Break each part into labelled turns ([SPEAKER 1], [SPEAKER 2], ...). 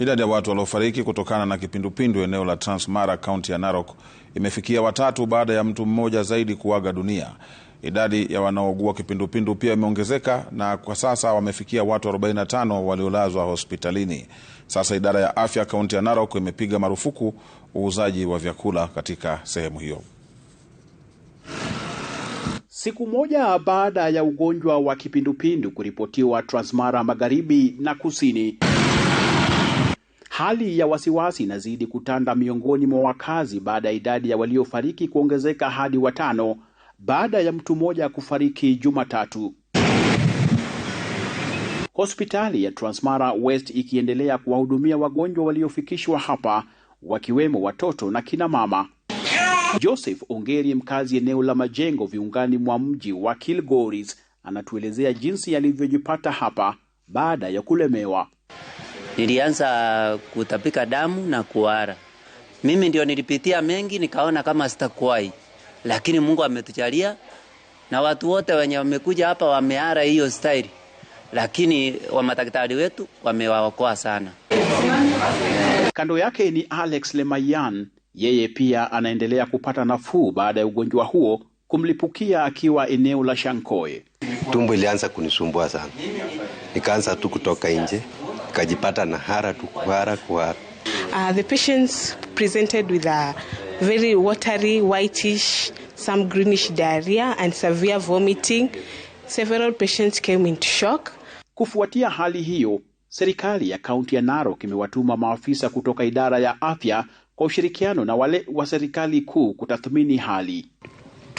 [SPEAKER 1] Idadi ya watu waliofariki kutokana na kipindupindu eneo la Transmara, kaunti ya Narok, imefikia watatu baada ya mtu mmoja zaidi kuaga dunia. Idadi ya wanaougua kipindupindu pia imeongezeka na kwa sasa wamefikia watu 45 waliolazwa hospitalini. Sasa idara ya afya kaunti ya Narok imepiga marufuku uuzaji wa vyakula katika sehemu hiyo.
[SPEAKER 2] Siku moja baada ya ugonjwa wa kipindupindu kuripotiwa Transmara magharibi na kusini Hali ya wasiwasi inazidi kutanda miongoni mwa wakazi baada ya idadi ya waliofariki kuongezeka hadi watano baada ya mtu mmoja kufariki Jumatatu. Hospitali ya Transmara West ikiendelea kuwahudumia wagonjwa waliofikishwa hapa wakiwemo watoto na kina mama. Joseph Ongeri, mkazi eneo la Majengo viungani mwa mji wa Kilgoris, anatuelezea jinsi alivyojipata hapa baada ya kulemewa.
[SPEAKER 3] Nilianza kutapika damu na kuara. Mimi ndio nilipitia mengi, nikaona kama sitakuwai, lakini Mungu ametujalia na watu wote wenye wamekuja hapa wameara hiyo staili, lakini wamadaktari wetu wamewaokoa sana.
[SPEAKER 2] Kando yake ni Alex Lemayan, yeye pia anaendelea kupata nafuu baada ya ugonjwa huo kumlipukia akiwa eneo la Shankoe.
[SPEAKER 4] Tumbo ilianza kunisumbua sana, nikaanza tu kutoka nje kajipata na hara tukuhara kuhara.
[SPEAKER 5] Uh, the patients presented with a very watery, whitish, some greenish diarrhea and severe vomiting. Several patients came into shock.
[SPEAKER 2] Kufuatia hali hiyo, serikali ya kaunti ya Narok imewatuma maafisa kutoka idara ya afya kwa ushirikiano na wale wa serikali kuu kutathmini hali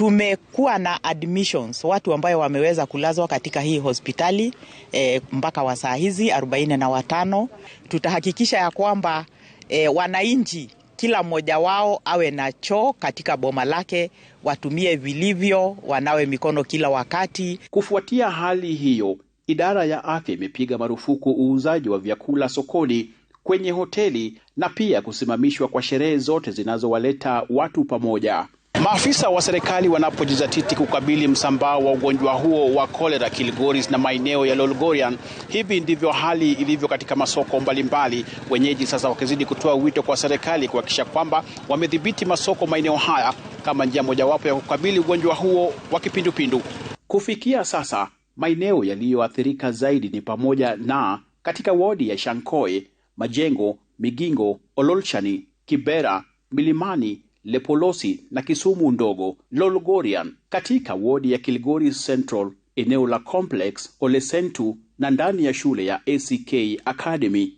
[SPEAKER 6] tumekuwa na admissions watu ambayo wameweza kulazwa katika hii hospitali e, mpaka wa saa hizi 45 Tutahakikisha ya kwamba e, wananchi kila mmoja wao awe na choo katika boma lake, watumie vilivyo, wanawe mikono kila wakati.
[SPEAKER 2] Kufuatia hali hiyo, idara ya afya imepiga marufuku uuzaji wa vyakula sokoni, kwenye hoteli na pia kusimamishwa kwa sherehe zote zinazowaleta watu pamoja. Maafisa wa serikali wanapojizatiti kukabili msambao wa ugonjwa huo wa kolera Kilgoris na maeneo ya Lolgorian, hivi ndivyo hali ilivyo katika masoko mbalimbali, wenyeji sasa wakizidi kutoa wito kwa serikali kuhakikisha kwamba wamedhibiti masoko maeneo haya kama njia mojawapo ya kukabili ugonjwa huo wa kipindupindu. Kufikia sasa maeneo yaliyoathirika zaidi ni pamoja na katika wodi ya Shankoi, Majengo, Migingo, Ololchani, Kibera, Milimani Lepolosi na Kisumu Ndogo, Lolgorian katika wodi ya Kilgori Central, eneo la Complex Olesentu na ndani ya shule ya ACK Academy.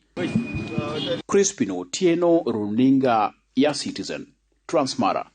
[SPEAKER 2] Crispino Tieno, runinga ya Citizen, Transmara.